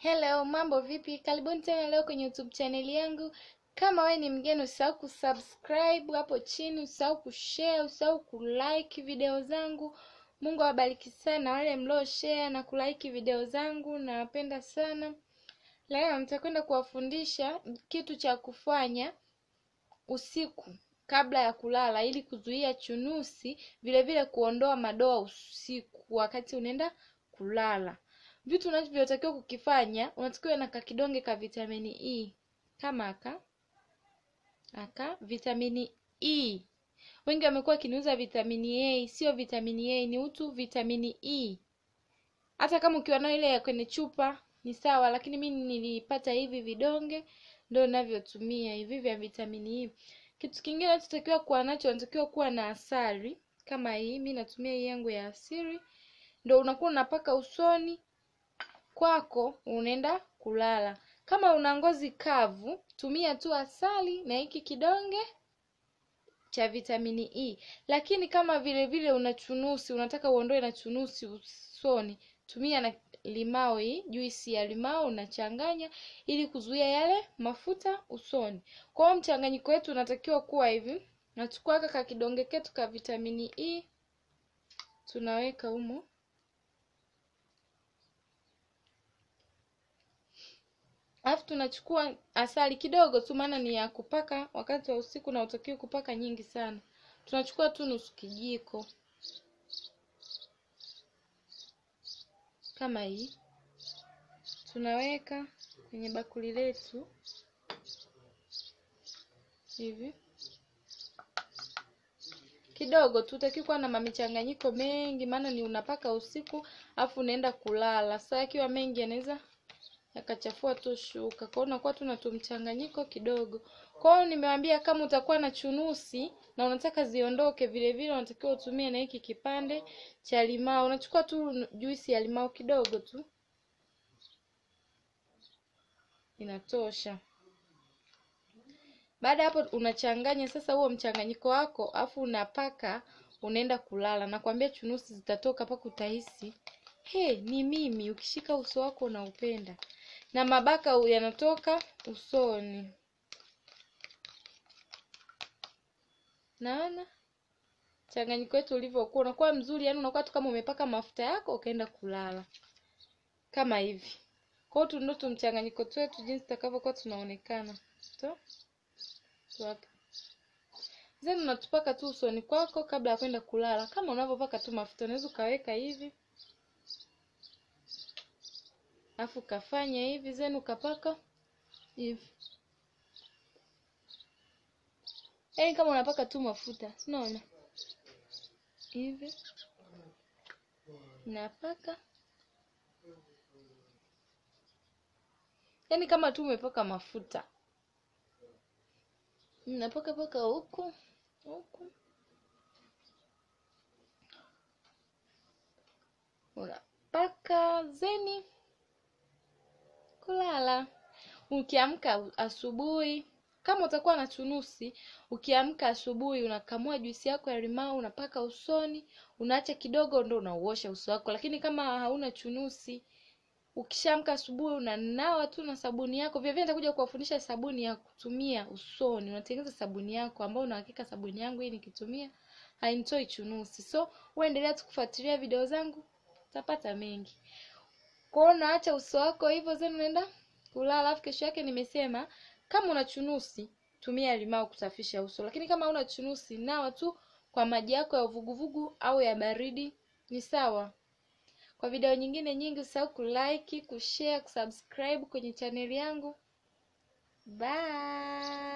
Hello, mambo vipi? Karibuni tena leo kwenye YouTube chaneli yangu. Kama wewe ni mgeni, usisahau kusubscribe hapo chini, usisahau kushare, usisahau kulike video zangu. Mungu awabariki sana wale mlio share na kulike video zangu, nawapenda sana. Leo nitakwenda kuwafundisha kitu cha kufanya usiku kabla ya kulala ili kuzuia chunusi, vilevile kuondoa madoa usiku wakati unaenda kulala vitu unavyotakiwa kukifanya unatakiwa na kakidonge ka vitamini E kama aka aka vitamini E wengi wamekuwa wakiniuza vitamini A sio vitamini A ni utu vitamini E hata kama ukiwa nayo ile ya kwenye chupa ni sawa lakini mimi nilipata hivi vidonge ndio ninavyotumia hivi vya vitamini E kitu kingine unachotakiwa kuwa nacho unatakiwa kuwa na asali kama hii mi natumia hii yangu ya asili ndo unakuwa unapaka usoni kwako unaenda kulala kama una ngozi kavu tumia tu asali na hiki kidonge cha vitamini E. Lakini kama vile vile una chunusi, unataka uondoe na chunusi usoni, tumia na limao hii, juisi ya limao unachanganya ili kuzuia yale mafuta usoni. Kwa hiyo mchanganyiko wetu unatakiwa kuwa hivi. Nachukua kaka kidonge ketu ka vitamini E tunaweka humo alafu tunachukua asali kidogo tu maana ni ya kupaka wakati wa usiku na utakiwa kupaka nyingi sana tunachukua tu nusu kijiko kama hii tunaweka kwenye bakuli letu hivi kidogo tu utakiwa kuwa na mamichanganyiko mengi maana ni unapaka usiku afu unaenda kulala saa akiwa mengi anaweza yakachafua tu shuka hiyo unakuwa tu na tumchanganyiko kidogo hiyo nimewambia kama utakuwa na chunusi na unataka ziondoke vile vile unatakiwa utumie na hiki kipande cha limao unachukua tu juisi ya limao kidogo tu inatosha baada hapo unachanganya sasa huo mchanganyiko wako afu unapaka unaenda kulala nakwambia chunusi zitatoka mpaka utahisi he ni mimi ukishika uso wako unaupenda na mabaka yanatoka usoni. Naona changanyiko wetu ulivyokuwa, unakuwa mzuri, yani unakuwa tu kama umepaka mafuta yako ukaenda kulala kama hivi. Kwa hiyo ndio tumchanganyiko wetu jinsi tutakavyokuwa tunaonekana to tuapa zenu unatupaka tu usoni kwako kabla ya kwenda kulala, kama unavyopaka tu mafuta. Unaweza ukaweka hivi afu kafanya hivi zenu kapaka hivi yaani kama unapaka tu mafuta sinaona hivi napaka yaani kama tu umepaka mafuta napaka paka huku huku unapaka zeni ukiamka asubuhi kama utakuwa na chunusi ukiamka asubuhi unakamua juisi yako ya limau unapaka usoni unaacha kidogo ndo unauosha uso wako lakini kama hauna chunusi ukishaamka asubuhi unanawa tu na sabuni yako vilevile nitakuja kuwafundisha sabuni ya kutumia usoni unatengeneza sabuni yako ambao unahakika sabuni yangu hii nikitumia hainitoi chunusi so uendelea tu kufuatilia video zangu utapata mengi kwao unaacha uso wako hivyo zenu unaenda kulala, afu kesho yake nimesema kama una chunusi tumia limao kusafisha uso, lakini kama una chunusi nawa tu kwa maji yako ya uvuguvugu au ya baridi ni sawa. Kwa video nyingine nyingi usahau kulike, kushare, kusubscribe kwenye chaneli yangu. Bye.